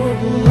Oh,